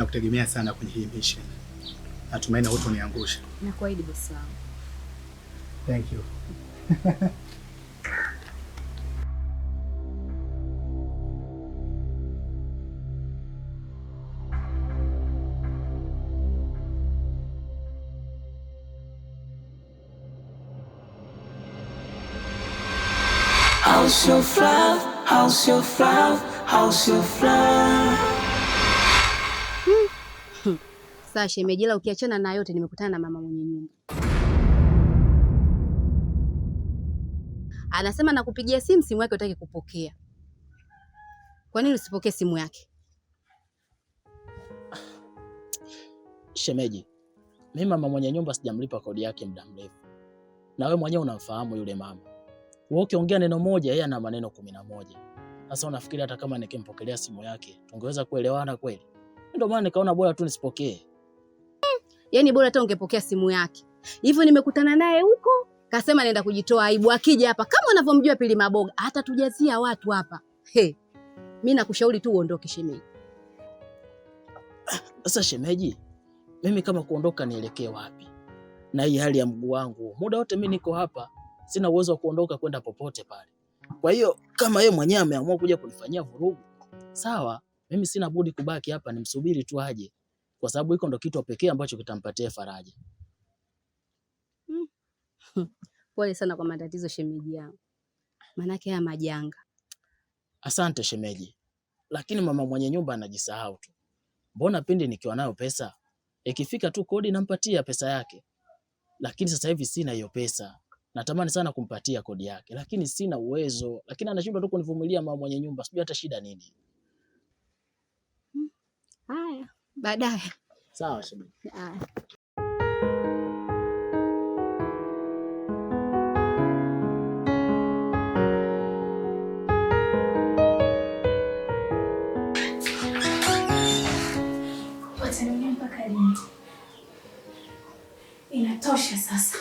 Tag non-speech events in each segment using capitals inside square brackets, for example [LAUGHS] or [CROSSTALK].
na kutegemea sana kwenye hii mission. Natumaini na hutoniangusha. Nakuahidi bosi wangu. Thank you. House your Love, House your Love, House your Love. Sasa shemeji, ila ukiachana na yote, nimekutana na mama mwenye nyumba anasema nakupigia simu, simu yake utaki kupokea. Kwa nini usipokee simu yake? Shemeji, mimi mama mwenye nyumba sijamlipa kodi yake muda mrefu, na wewe mwenyewe unamfahamu yule mama. Wewe ukiongea neno moja, yeye ana maneno kumi na moja. Sasa unafikiri hata kama nikimpokelea simu yake tungeweza kuelewana kweli? Ndio maana nikaona bora tu nisipokee. Yaani bora hata ungepokea simu yake. Hivyo nimekutana naye huko, kasema nenda kujitoa aibu, akija hapa kama unavyomjua Pili Maboga, hata tujazia watu hapa. He. Mimi nakushauri tu uondoke shemeji. Sasa shemeji, mimi kama kuondoka nielekee wapi? Na hii hali ya mguu wangu, muda wote mimi niko hapa, sina uwezo wa kuondoka kwenda popote pale. Kwa hiyo kama yeye mwenyewe ameamua kuja kunifanyia vurugu, sawa, mimi sina budi kubaki hapa, nimsubiri tu aje kwa sababu hiko ndo kitu pekee ambacho kitampatia faraja. Hmm. [LAUGHS] Pole sana kwa matatizo shemeji yangu, maanake haya majanga. Asante shemeji, lakini mama mwenye nyumba anajisahau tu. Mbona pindi nikiwa nayo pesa ikifika tu kodi nampatia pesa yake, lakini sasa hivi sina hiyo pesa. Natamani sana kumpatia kodi yake, lakini sina uwezo, lakini anashindwa tu kunivumilia. Mama mwenye nyumba, sijui hata shida nini. Hmm. Haya, hmm baadaye. Sawa shemeji. mpaka Inatosha sasa.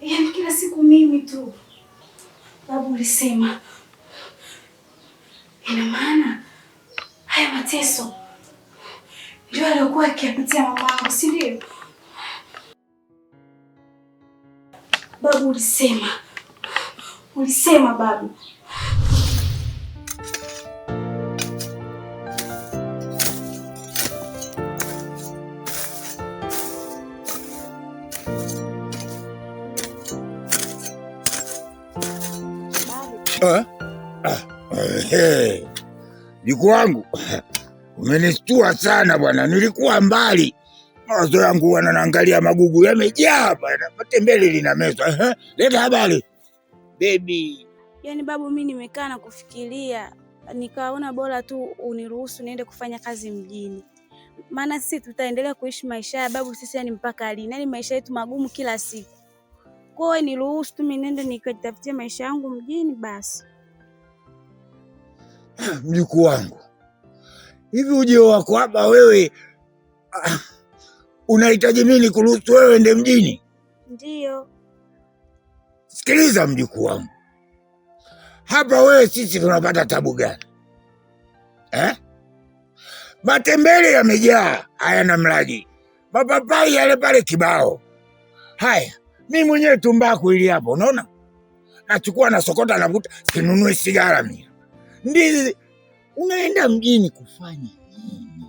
Yaani kila siku mimi tu. Babu ulisema. Ina maana haya mateso ndio aliokuwa akiyapitia mamangu, si ndio? Babu, ulisema ulisema babu eh? ah, eh, eh. jukuu wangu Umenistua sana bwana, nilikuwa mbali, mawazo yangu wananaangalia magugu yamejaa bwana, matembele lina meza. Leta habari bebi. Yani babu, mi nimekaa na kufikiria, nikaona bora tu uniruhusu niende kufanya kazi mjini, maana sisi tutaendelea kuishi maisha ya babu sisi, yani mpaka lini? Yani maisha yetu magumu kila siku. Kwa hiyo niruhusu tu niende nikajitafutia maisha yangu mjini basi. Ah, mjukuu wangu hivi ujio wako hapa wewe uh, unahitaji mimi kuruhusu wewe ende mjini? Ndio. Sikiliza mjukuu wangu, hapa wewe sisi tunapata tabu gani eh? Matembele yamejaa hayana mlaji, mapapai yale pale kibao. Haya, mi mwenyewe tumbaku ili hapo, unaona nachukua na sokota, navuta, sinunui sigara mia ndizi unaenda mjini kufanya nini?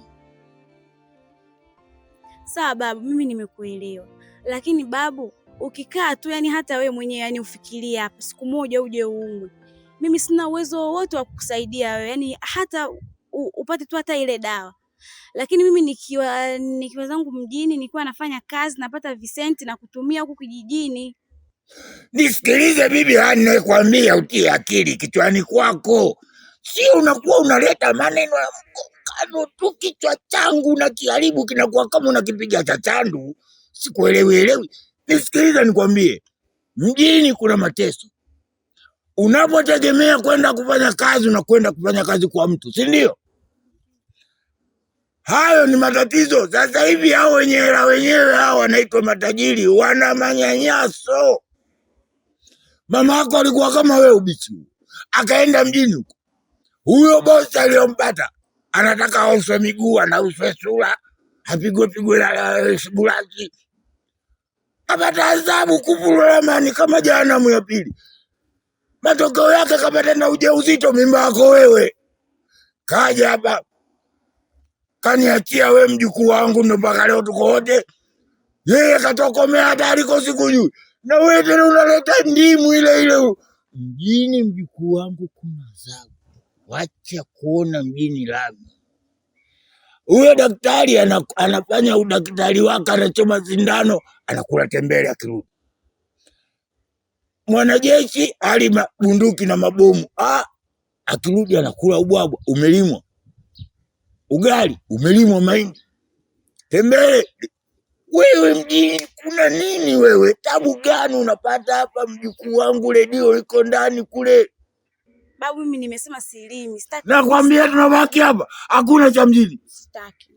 Sawa babu, mimi nimekuelewa, lakini babu ukikaa tu yani hata wewe mwenyewe yani ufikirie hapa, siku moja uje uumwe. Mimi sina uwezo wowote wa kukusaidia wewe, yani hata upate tu hata ile dawa. Lakini mimi nikiwa nikiwa zangu mjini, nikiwa nafanya kazi, napata visenti na kutumia huku kijijini. Nisikilize bibi, hani nakwambia utie akili kichwani kwako sio unakuwa unaleta maneno ya mkokano tu, kichwa changu na kiharibu kinakuwa kama unakipiga cha chandu. Sikuelewi elewi. Nisikiliza nikwambie, mjini kuna mateso. Unapotegemea kwenda kufanya kazi, unakwenda kufanya kazi kwa mtu, si ndio? Hayo ni matatizo. Sasa hivi hao wenye hela wenyewe hao wanaitwa matajiri, wana manyanyaso. Mama yako alikuwa kama wewe ubichi, akaenda mjini huko huyo bosi aliyompata anataka aoswe miguu, anauswe sura, apigwe pigwe sibulaki, apata adhabu kuvurulamani kama jahanamu ya pili. Matokeo yake kapata na ujauzito, mimba yako wewe. Kaja hapa kaniachia we mjukuu wangu, ndo mpaka leo tuko wote. Yeye katokomea hatari ko sikujui, na wewe tena unaleta ndimu ile ile mjini. Mjukuu wangu kuna adhabu wacha kuona mjini lami. Huyo daktari anafanya udaktari wake, anachoma sindano, anakula tembele, akirudi mwanajeshi hali bunduki na mabomu ah, akirudi anakula ubwabwa umelimwa, ugali umelimwa, mahindi, tembele. Wewe mjini kuna nini? Wewe tabu gani unapata hapa? Mjukuu wangu redio iko ndani kule Babu, mimi nimesema silimi, sitaki. Nakwambia tunabaki hapa, hakuna cha mjini. Sitaki.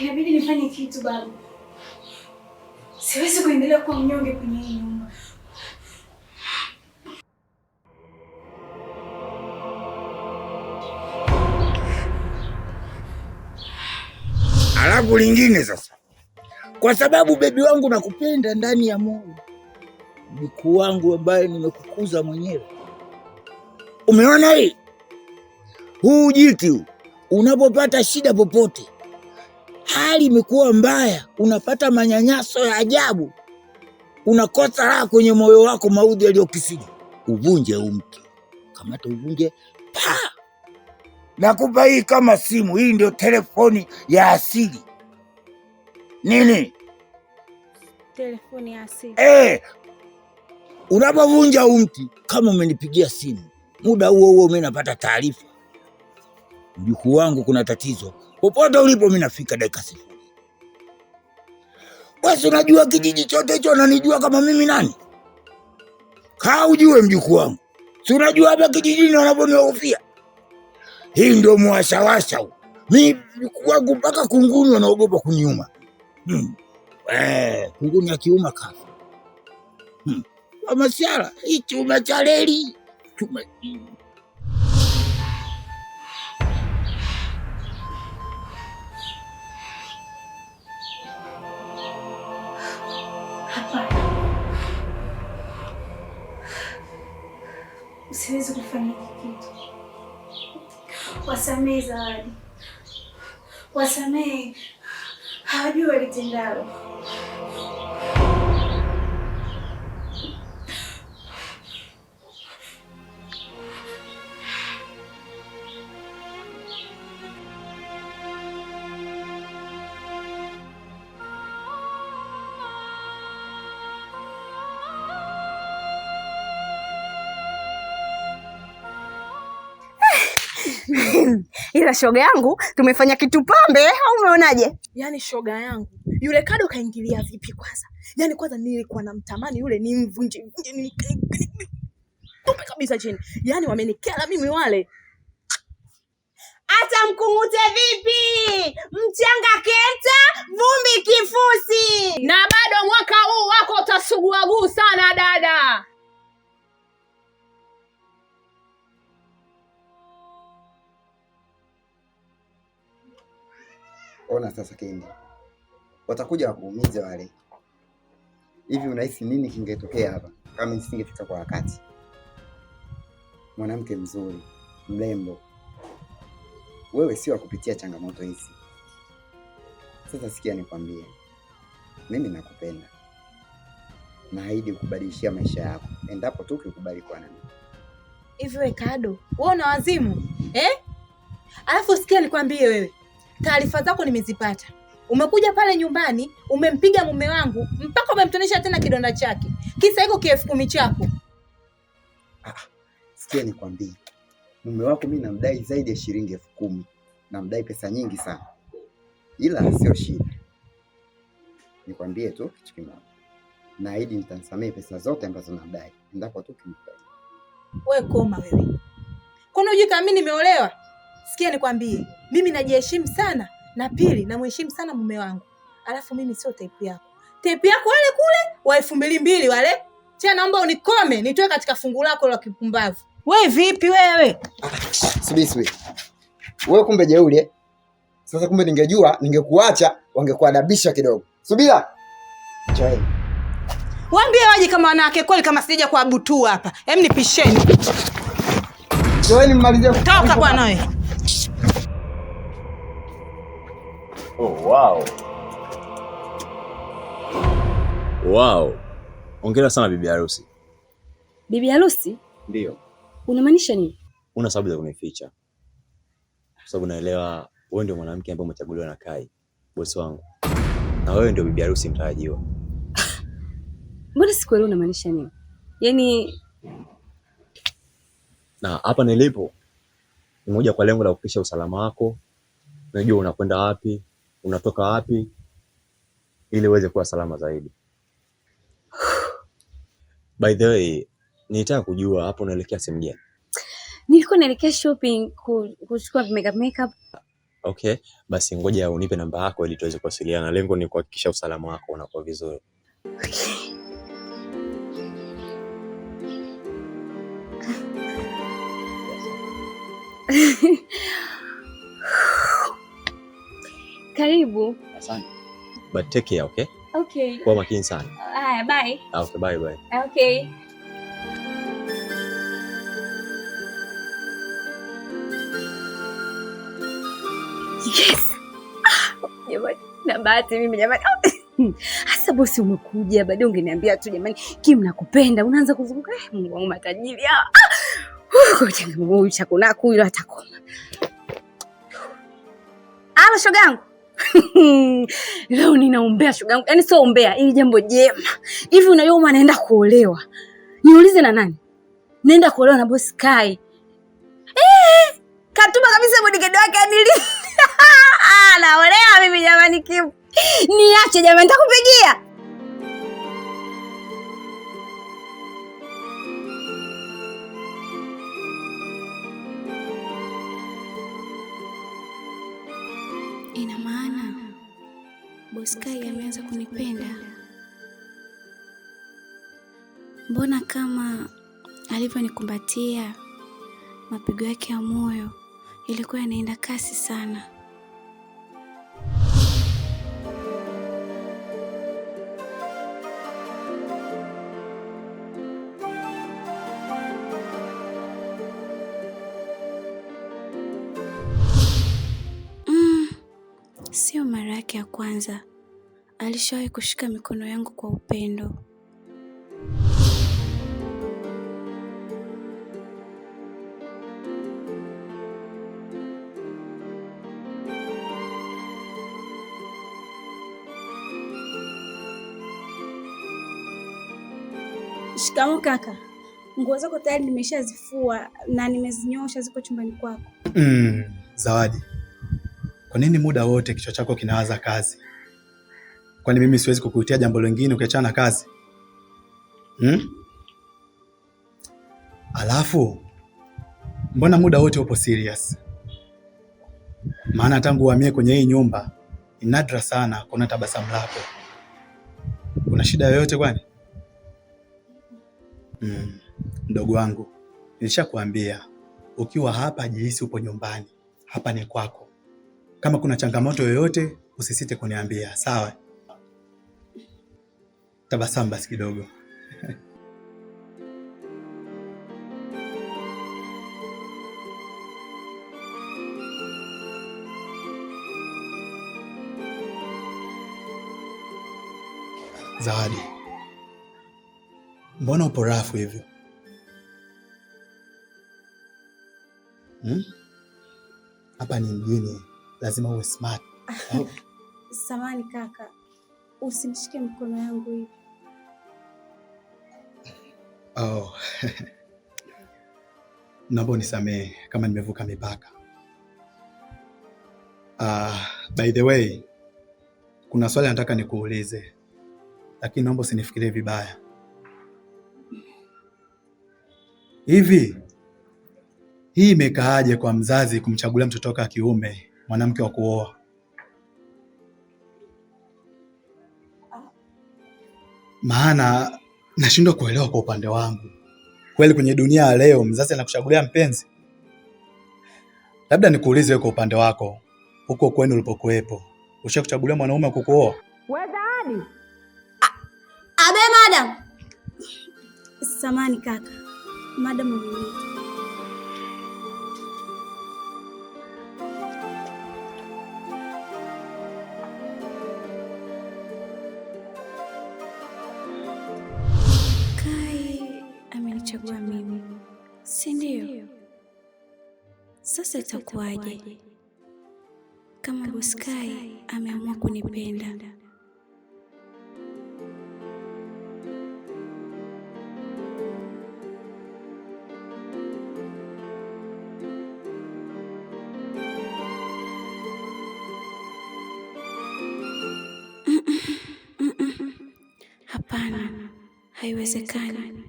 Inabidi nifanye kitu babu kuwa mnyonge kwenye hii nyumba. Alafu lingine sasa, kwa sababu bebi wangu nakupenda ndani ya moyo, mkuu wangu ambaye nimekukuza mwenyewe. Umeona hii, huu jiti huu, unapopata shida popote, hali imekuwa mbaya, unapata manyanyaso ya ajabu unakosa raha kwenye moyo wako, maudhi yaliyokisiri. Uvunje huu kamata uvunje, pa nakupa hii kama simu hii, ndio telefoni ya asili nini, telefoni ya asili eh. Unapovunja huu mti, kama umenipigia simu muda huo huo, mimi napata taarifa, mjukuu wangu, kuna tatizo. Popote ulipo, mimi nafika dakika wewe unajua kijiji chote hicho unanijua kama mimi nani? Kaa ujue mjukuu wangu. Si unajua hapa kijijini wanavyonihofia. Hii ndio mwashawasha huu. Mimi mjukuu wangu mpaka kunguni wanaogopa kuniuma. Hmm. Eh, kunguni akiuma kafa. Hmm. Kwa masiara, hii chuma cha reli. Chuma. siwezi kufanya kitu. Wasamehe Zawadi, wasamehe, hawajui walitendalo. Ila shoga yangu tumefanya kitu pambe, au umeonaje? yani shoga yangu yule kado kaingilia vipi kwanza? yani kwanza nilikuwa namtamani yule ni mvunje tupe kabisa chini, yani wamenikela mimi wale. Hata mkungute vipi, mchanga kenta, vumbi kifusi, na bado mwaka huu wako utasugua sana dada. Ona sasa Kendi, watakuja wakuumize wale. Hivi unahisi nini kingetokea hapa kama nisingefika kwa wakati? Mwanamke mzuri mrembo, wewe sio wa kupitia changamoto hizi. Sasa sikia nikwambie, mimi nakupenda, naahidi kukubadilishia maisha yako endapo tu ukikubali kuwa nami. Hivi we Kado, wewe una wazimu eh? Alafu sikia nikwambie wewe taarifa zako nimezipata. Umekuja pale nyumbani umempiga mume wangu mpaka umemtonesha tena kidonda chake, kisa hiko kielfu kumi chako. Ah, ah, sikia nikwambie, mume wako mi namdai zaidi ya shilingi elfu kumi namdai pesa nyingi sana, ila sio shida. Nikwambie tu kitu kimoja, naahidi nitamsamehe pesa zote ambazo namdai endapo tu. Wewe koma wewe, kuna hujui kama nimeolewa? Sikia nikwambie, mimi najiheshimu sana, na pili namheshimu sana mume wangu. Alafu mimi sio type yako. Type yako wale kule wa elfu mbili mbili wale tena, naomba unikome nitoe katika fungu lako la kipumbavu. We vipi wewe? Subiri subiri, wewe kumbe jeuri eh? Sasa kumbe ningejua ningekuacha, wangekuadabisha kidogo. Subira chai Waambie waje kama wanawake kweli, kama sija kuabutua hapa. Hem, nipisheni. Toka bwana wewe. Oh, wow. Wow. Ongera sana bibi harusi. Bibi harusi? Ndio. Unamaanisha nini? Una sababu za kunificha, kwa sababu naelewa wewe ndio mwanamke ambaye umechaguliwa na Kai, bosi wangu, na wewe ndio bibi harusi mtarajiwa. [LAUGHS] Mbona sikuelewi unamaanisha nini? Yaani na hapa nilipo ni moja kwa lengo la kuhakikisha usalama wako. Najua unakwenda wapi, unatoka wapi, ili uweze kuwa salama zaidi. [SIGHS] By the way, nilitaka kujua hapo unaelekea sehemu gani? Nilikuwa naelekea shopping kuchukua makeup makeup. Okay, basi ngoja unipe namba yako ili tuweze kuwasiliana. Lengo ni kuhakikisha usalama wako unakuwa vizuri. Okay. [LAUGHS] Karibu. Asante. But take care, okay? Okay. Kwa makini sana. Haya, bye. Okay, bye bye. Okay. Yes. Ah, jamani, na bahati mimi jamani. Ah, hmm. Hasa bosi umekuja, baadaye ungeniambia tu jamani, Kim nakupenda. Unaanza kuzunguka, eh, Mungu wangu matajiri hawa. Ah, Ngoja nimuulize kuna huyo atakoma. Alo shogangu. [LAUGHS] Leo ninaombea shoga yangu, yaani sio ombea, hili jambo jema hivi. Unajua naenda kuolewa, niulize na nani? Naenda kuolewa na boss Kai. Eh, katuma kabisa bodigadi wake adili. [LAUGHS] Naolewa mimi jamani, kim niache jamani, nitakupigia kunipenda? Mbona kama alivyonikumbatia mapigo yake ya moyo ilikuwa yanaenda kasi sana. Mm, sio mara yake ya kwanza alishawahi kushika mikono yangu kwa upendo. Shikamoo kaka. Nguo zako tayari nimeshazifua na nimezinyosha, ziko chumbani kwako. Mm, Zawadi, kwa nini muda wote kichwa chako kinawaza kazi? Kwani mimi siwezi kukuitia jambo lingine ukiachana na kazi hmm? Alafu mbona muda wote upo serious? Maana tangu uhamie kwenye hii nyumba ni nadra sana kuna tabasamu lako. Kuna shida yoyote kwani? Hmm. mdogo wangu nilishakwambia, ukiwa hapa jihisi upo nyumbani. Hapa ni kwako. Kama kuna changamoto yoyote usisite kuniambia, sawa? Tabasamu basi kidogo. [LAUGHS] Zawadi, mbona upo rafu hivyo hmm? hapa? Hmm? Ni mjini, lazima uwe smart. [LAUGHS] Samani kaka, Usimshike mkono yangu hivi. Oh. [LAUGHS] Naomba unisamehe kama nimevuka mipaka. Uh, by the way, kuna swali nataka nikuulize, lakini naomba usinifikirie vibaya. Hivi hii imekaaje kwa mzazi kumchagulia mtoto wake wa kiume mwanamke wa kuoa? maana nashindwa kuelewa kwa upande wangu. Kweli kwenye dunia ya leo mzazi anakuchagulia mpenzi? Labda nikuulize wewe, kwa upande wako huko kwenu ulipokuwepo, ushakuchagulia mwanaume akukuoa kukuoa? Wezaadi abe madam, samani kaka, madam sasa itakuwaje kama Buskai ameamua kunipenda? [LAUGHS] Hapana, haiwezekani.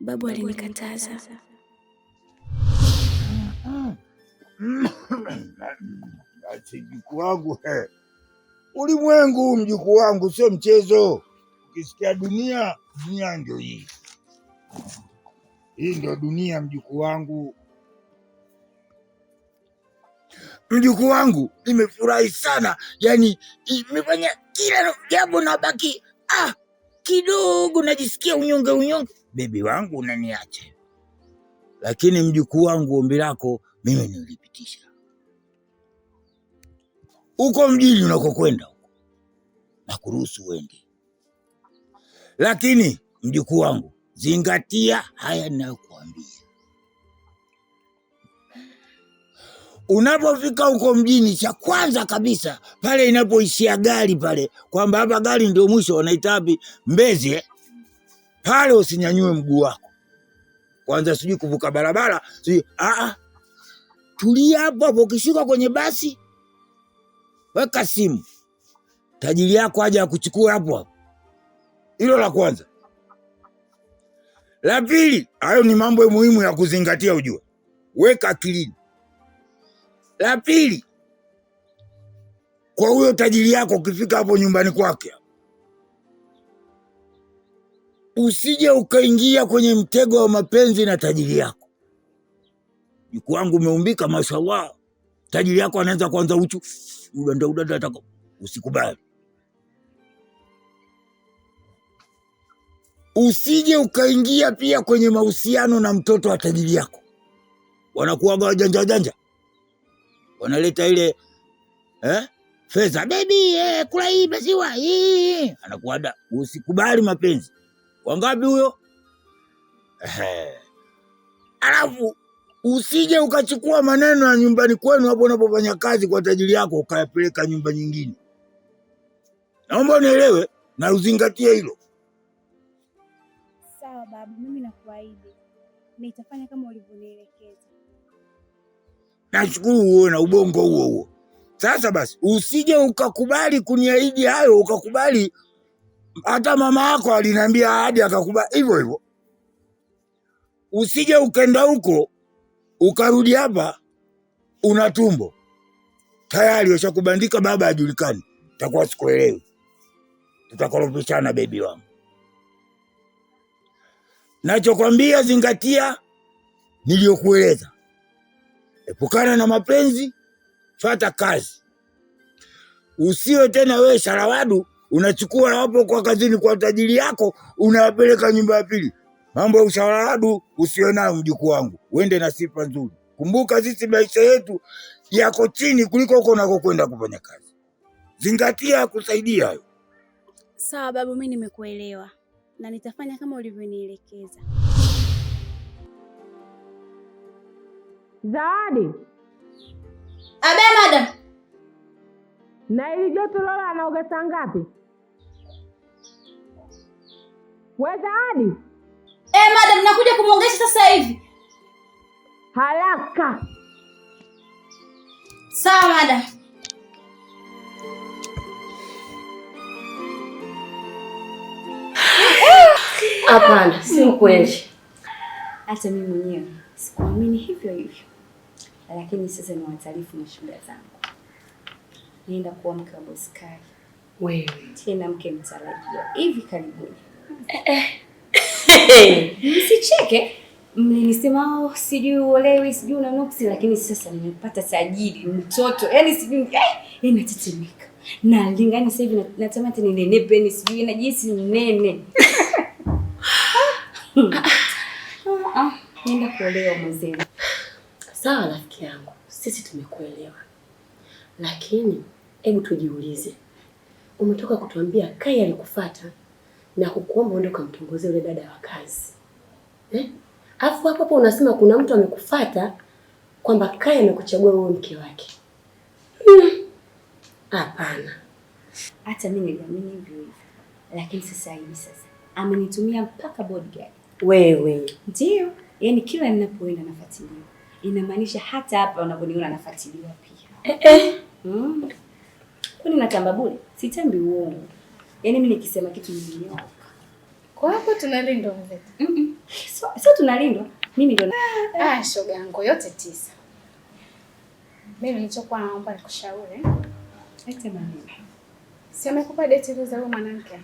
Babu alinikataza. mjukuu wangu, ulimwengu huu mjukuu wangu, sio mchezo. Ukisikia dunia, dunia ndio hii, hii ndio dunia mjukuu wangu mjukuu wangu, nimefurahi sana yani, nimefanya kila jambo na baki ah, kidogo najisikia unyonge unyonge. Bebi wangu unaniache, lakini mjukuu wangu, ombi lako mimi nilipitisha uko mjini unakokwenda huko, nakuruhusu uende, lakini mjukuu wangu, zingatia haya ninayokuambia. Unapofika huko mjini, cha kwanza kabisa pale inapoishia gari pale, kwamba hapa gari ndio mwisho, wanaita wapi? Mbezi. Eh? Pale usinyanyue mguu wako kwanza, sijui kuvuka barabara, sijui. Ah, ah. Tulia hapo hapo, ukishuka kwenye basi weka simu, tajiri yako aje akuchukue hapo hapo. Hilo la kwanza. La pili, hayo ni mambo muhimu ya kuzingatia, ujue weka akilini. La pili, kwa huyo tajiri yako, ukifika hapo nyumbani kwake, usije ukaingia kwenye mtego wa mapenzi na tajiri yako. Jukwangu umeumbika, mashallah, tajiri yako anaanza kwanza uchu udanda udanda, ataka usikubali, usije ukaingia pia kwenye mahusiano na mtoto wa tajiri yako. Wanakuaga wajanja wajanja, wanaleta ile eh, fedha bebi, eh, kula hii maziwa hii, anakuada usikubali mapenzi. Wangapi huyo? Alafu Usije ukachukua maneno ya nyumbani kwenu hapo unapofanya kazi kwa tajiri yako ukayapeleka nyumba nyingine. Naomba unielewe na uzingatie hilo. Sawa babu, mimi nakuahidi nitafanya kama ulivyonielekeza. Nashukuru uwe na ubongo huo huo. Sasa basi, usije ukakubali kuniahidi hayo, ukakubali hata mama yako aliniambia ahadi akakubali hivyo hivyo. Usije ukaenda huko ukarudi hapa una tumbo tayari washakubandika, baba ajulikani, takuwa sikuelewi, tutakorofishana bebi wangu. Nachokwambia zingatia niliyokueleza, epukana na mapenzi, fata kazi, usiwe tena wewe sharawadu unachukua wapo kwa kazini kwa tajiri yako unawapeleka nyumba ya pili. Mambo ya usharadu usiwe nayo, mjukuu wangu, uende na sifa nzuri. Kumbuka sisi maisha yetu yako chini kuliko huko unakokwenda kufanya kazi. Zingatia kusaidia hayo. Sawa babu, mimi nimekuelewa na nitafanya kama ulivyonielekeza. Zawadi abe mada, na ili joto Lola anaoga saa ngapi? We Zawadi Eh, madam, nakuja kumwongesha sasa hivi. Haraka. Sawa, madam. Hapana, si ukweli. Hata mimi mwenyewe sikuamini hivyo hivyo, lakini sasa ni wataarifu mashuhuda zangu, naenda kuwa mke wa boskari, wewe tena mke mtarajiwa hivi karibuni. Eh, eh. Msicheke, mlinisema oh, sijui uolewi, sijui una nuksi, lakini sasa nimepata tajiri mtoto, yaani sijui eh, eh yaani natetemeka na lingani sasa hivi natamani tena nene peni sijui najisi nene ah, ah, Nenda kuolewa mzee. Sawa rafiki yangu, sisi tumekuelewa, lakini hebu tujiulize, umetoka kutuambia Kai alikufuata na kukuomba uende ukamtongoze yule dada wa kazi eh? Afu hapo hapo unasema kuna mtu amekufata kwamba Kaya amekuchagua wewe mke wake. Hmm. Hapana. Hmm. Hata mimi niliamini hivyo hivyo. Lakini sasa hivi sasa amenitumia mpaka bodyguard. Wewe. Ndio. Yaani kila ninapoenda nafuatiliwa. Inamaanisha hata hapa unaponiona nafuatiliwa pia. Eh eh. Hmm. Kwani natamba bure? Sitambi uongo. Yaani mimi nikisema kitu ni nilinyooka. Kwa hapo tunalindwa mzee. Mm -mm. Sio so, tunalindwa. Mimi ndio ah, ah, shoga yangu yote tisa. Mimi nilichokuwa naomba nikushauri. Ete mami. Si amekupa date hizo za huyo mwanamke?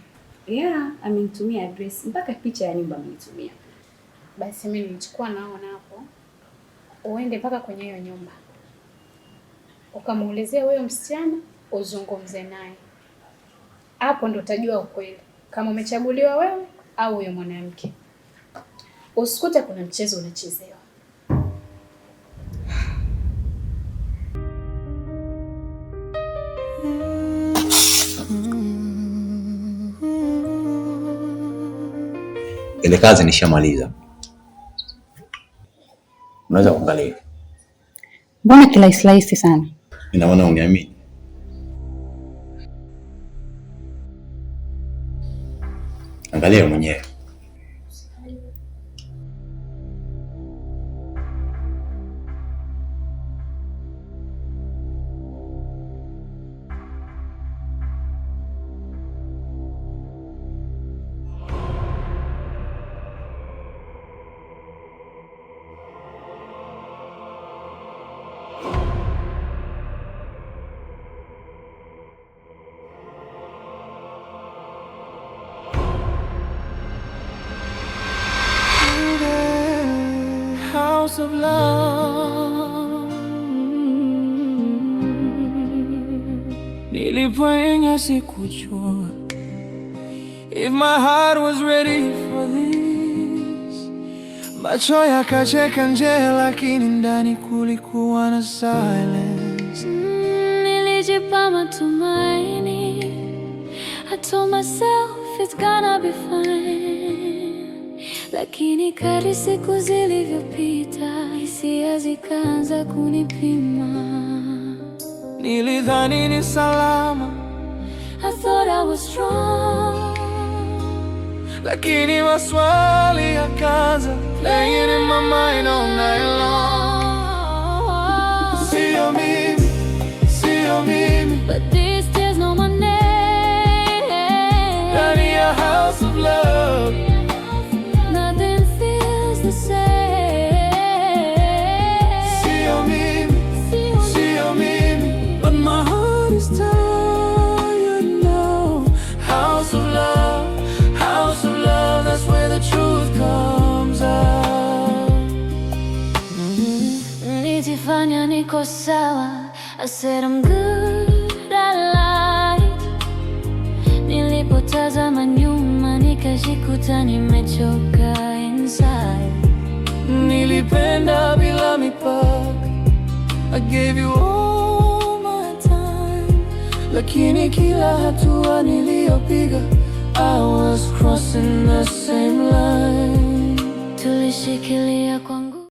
Yeah, amenitumia address mpaka picha ya nyumba amenitumia. Basi mimi nilichukua naona hapo. Uende mpaka kwenye hiyo nyumba. Ukamuulizia huyo msichana uzungumze naye. Hapo ndo utajua ukweli kama umechaguliwa wewe au huyo mwanamke. Usikute kuna mchezo unachezewa. Ile kazi nishamaliza, unaweza kuangalia. Mbona kilahisirahisi sana? Ina maana uniamini Valeu, mulher If my heart was ready for this, macho yakacheka nje, lakini ndani kulikuwa na silence. Mm, nilijipa matumaini. I told myself it's gonna be fine, lakini kadri siku zilivyopita hisia zikaanza kunipima. Nilidhani ni salama thought I was strong Lakini maswali yakaanza Playing in my mind all night long Sio mimi, sio mimi But these tears know my name Ndani ya house of love said I'm good, I lied. Nilipotazama nyuma nikajikuta nimechoka inside. Nilipenda bila mipaka, I gave you all my time, lakini kila hatua niliyopiga I was crossing the same line. Tulishikilia